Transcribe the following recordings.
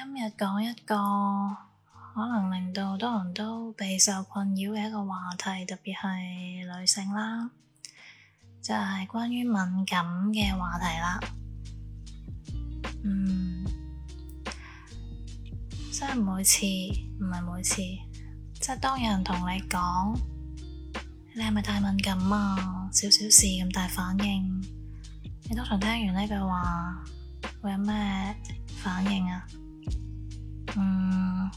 今日講一個可能令到好多人都備受困擾嘅一個話題，特別係女性啦，就係關於敏感嘅話題啦。嗯，即係每次唔係每次，即係當有人同你講，你係咪太敏感啊？少少事咁大反應，你通常聽完呢句話會有咩反應啊？嗯，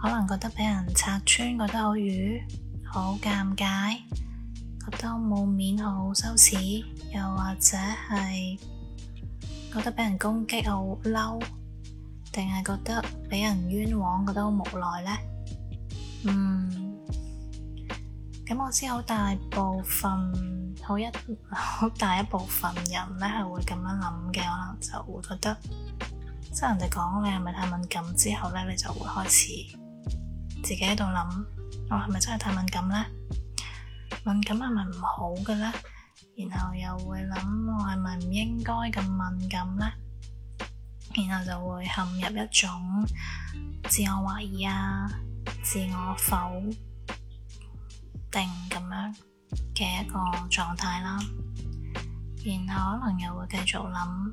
可能覺得俾人拆穿，覺得好瘀，好尷尬，覺得冇面，好羞恥，又或者係覺得俾人攻擊，好嬲，定係覺得俾人冤枉，覺得好無奈呢？嗯，咁我知好大部分好一好大一部分人呢係會咁樣諗嘅，可能就會覺得。即係人哋講，你係咪太敏感之後咧，你就會開始自己喺度諗，我係咪真係太敏感咧？敏感係咪唔好嘅咧？然後又會諗我係咪唔應該咁敏感咧？然後就會陷入一種自我懷疑啊、自我否定咁樣嘅一個狀態啦。然後可能又會繼續諗。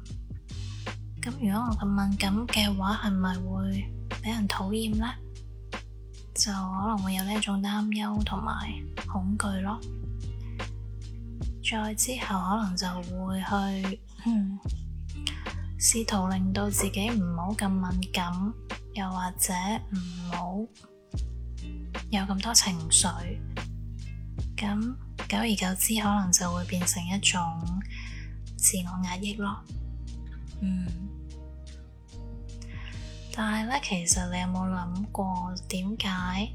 咁如果我咁敏感嘅話，係咪會畀人討厭呢？就可能會有呢一種擔憂同埋恐懼咯。再之後可能就會去、嗯、試圖令到自己唔好咁敏感，又或者唔好有咁多情緒。咁、嗯、久而久之，可能就會變成一種自我壓抑咯。嗯。但係咧，其實你有冇諗過，點解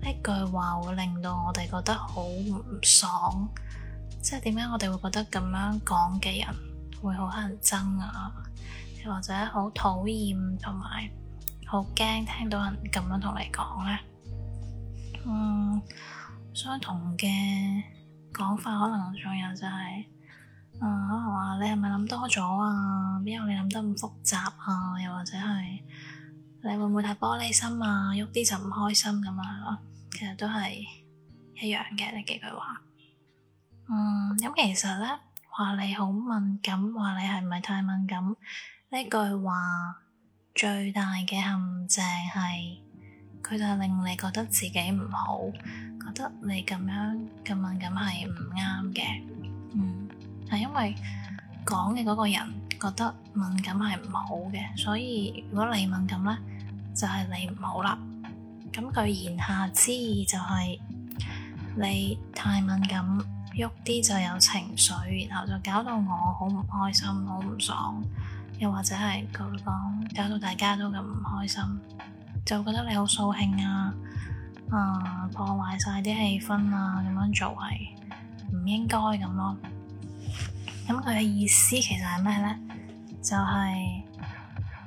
呢句話會令到我哋覺得好唔爽？即係點解我哋會覺得咁樣講嘅人會好乞人憎啊？又或者好討厭同埋好驚聽到人咁樣同你講咧？嗯，相同嘅講法，可能仲有就係、是。嗯、是是啊，話你係咪諗多咗啊？邊有你諗得咁複雜啊？又或者係你會唔會太玻璃心啊？喐啲就唔開心咁啊？其實都係一樣嘅呢幾句話。嗯，咁、嗯、其實咧話你好敏感，話你係唔係太敏感，呢句話最大嘅陷阱係佢就令你覺得自己唔好，覺得你咁樣咁敏感係唔啱嘅，嗯。係因為講嘅嗰個人覺得敏感係唔好嘅，所以如果你敏感咧，就係、是、你唔好啦。咁佢言下之意就係、是、你太敏感，喐啲就有情緒，然後就搞到我好唔開心，好唔爽。又或者係佢講搞到大家都咁唔開心，就覺得你好掃興啊，啊、嗯、破壞晒啲氣氛啊，咁樣做係唔應該咁咯。咁佢嘅意思其實係咩咧？就係，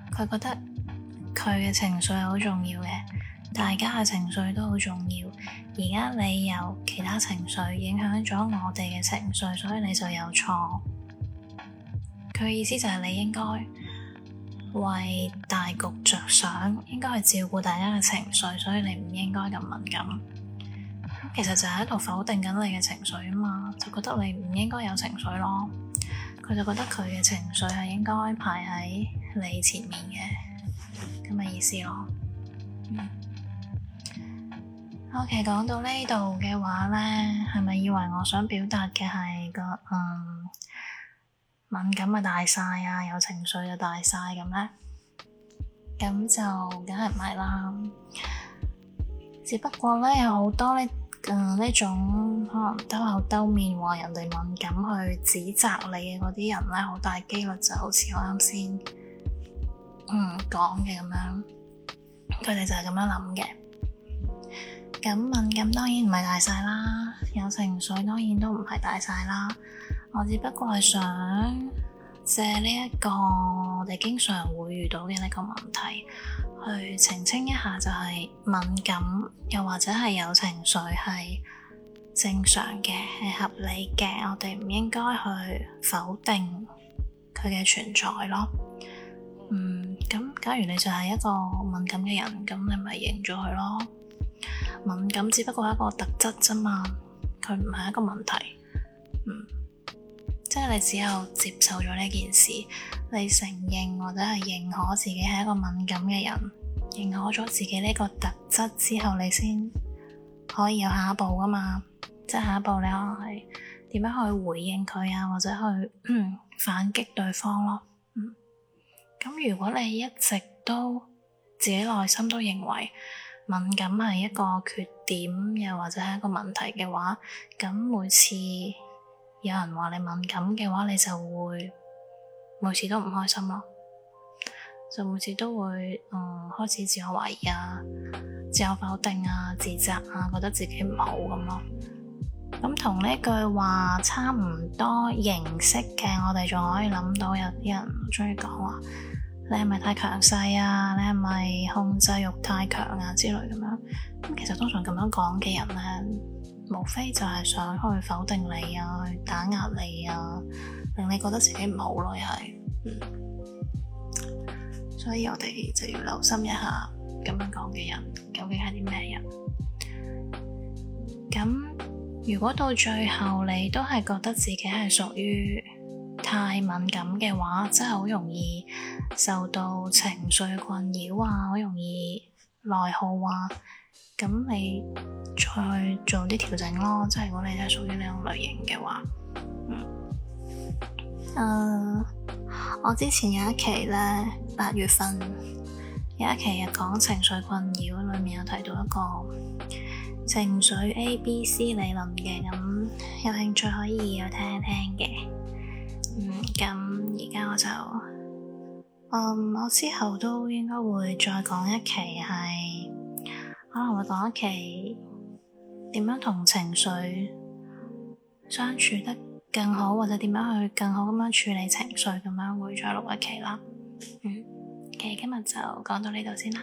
佢覺得佢嘅情緒係好重要嘅，大家嘅情緒都好重要。而家你有其他情緒影響咗我哋嘅情緒，所以你就有錯。佢嘅意思就係你應該為大局着想，應該去照顧大家嘅情緒，所以你唔應該咁敏感。咁其實就係喺度否定緊你嘅情緒啊嘛，就覺得你唔應該有情緒咯。佢就覺得佢嘅情緒係應該排喺你前面嘅，咁嘅意思咯。OK，講到呢度嘅話咧，係咪以為我想表達嘅係個嗯，敏感啊，大晒啊，有情緒就大晒咁咧？咁就梗係唔係啦。只不過咧，有好多咧。嗯，呢種可能兜口兜面話人哋敏感去指責你嘅嗰啲人咧，好大機率就好似我啱先嗯講嘅咁樣，佢哋就係咁樣諗嘅。咁敏感當然唔係大晒啦，有情緒當然都唔係大晒啦。我只不過係想借呢一個我哋經常會遇到嘅呢個問題，去澄清一下，就係敏感又或者係有情緒係正常嘅，係合理嘅，我哋唔應該去否定佢嘅存在咯。嗯，咁假如你就係一個敏感嘅人，咁你咪認咗佢咯。敏感只不過係一個特質啫嘛，佢唔係一個問題。嗯。即係你只有接受咗呢件事，你承認或者係認可自己係一個敏感嘅人，認可咗自己呢個特質之後，你先可以有下一步噶嘛。即係下一步，你可能係點樣去回應佢啊，或者去 反擊對方咯。咁、嗯、如果你一直都自己內心都認為敏感係一個缺點，又或者係一個問題嘅話，咁每次。有人話你敏感嘅話，你就會每次都唔開心咯，就每次都會嗯開始自我懷疑啊、自我否定啊、自責啊，覺得自己唔好咁咯。咁同呢句話差唔多形式嘅，我哋仲可以諗到有啲人鍾意講，話你係咪太強勢啊？你係咪控制欲太強啊之類咁樣。咁其實通常咁樣講嘅人咧，無非就係想去否定你啊，打壓你啊，令你覺得自己唔好咯，又係，嗯，所以我哋就要留心一下咁樣講嘅人究竟係啲咩人。咁如果到最後你都係覺得自己係屬於太敏感嘅話，真係好容易受到情緒困擾啊，好容易內耗啊。咁你再做啲調整咯，即係如果你都係屬於呢種類型嘅話，嗯，uh, 我之前有一期咧，八月份有一期係講情緒困擾，裏面有提到一個情緒 A B C 理論嘅，咁有興趣可以去聽一聽嘅，嗯，咁而家我就，嗯、um，我之後都應該會再講一期係。可能會講一期點樣同情緒相處得更好，或者點樣去更好咁樣處理情緒，咁樣會再錄一期啦。嗯，其實今日就講到呢度先啦。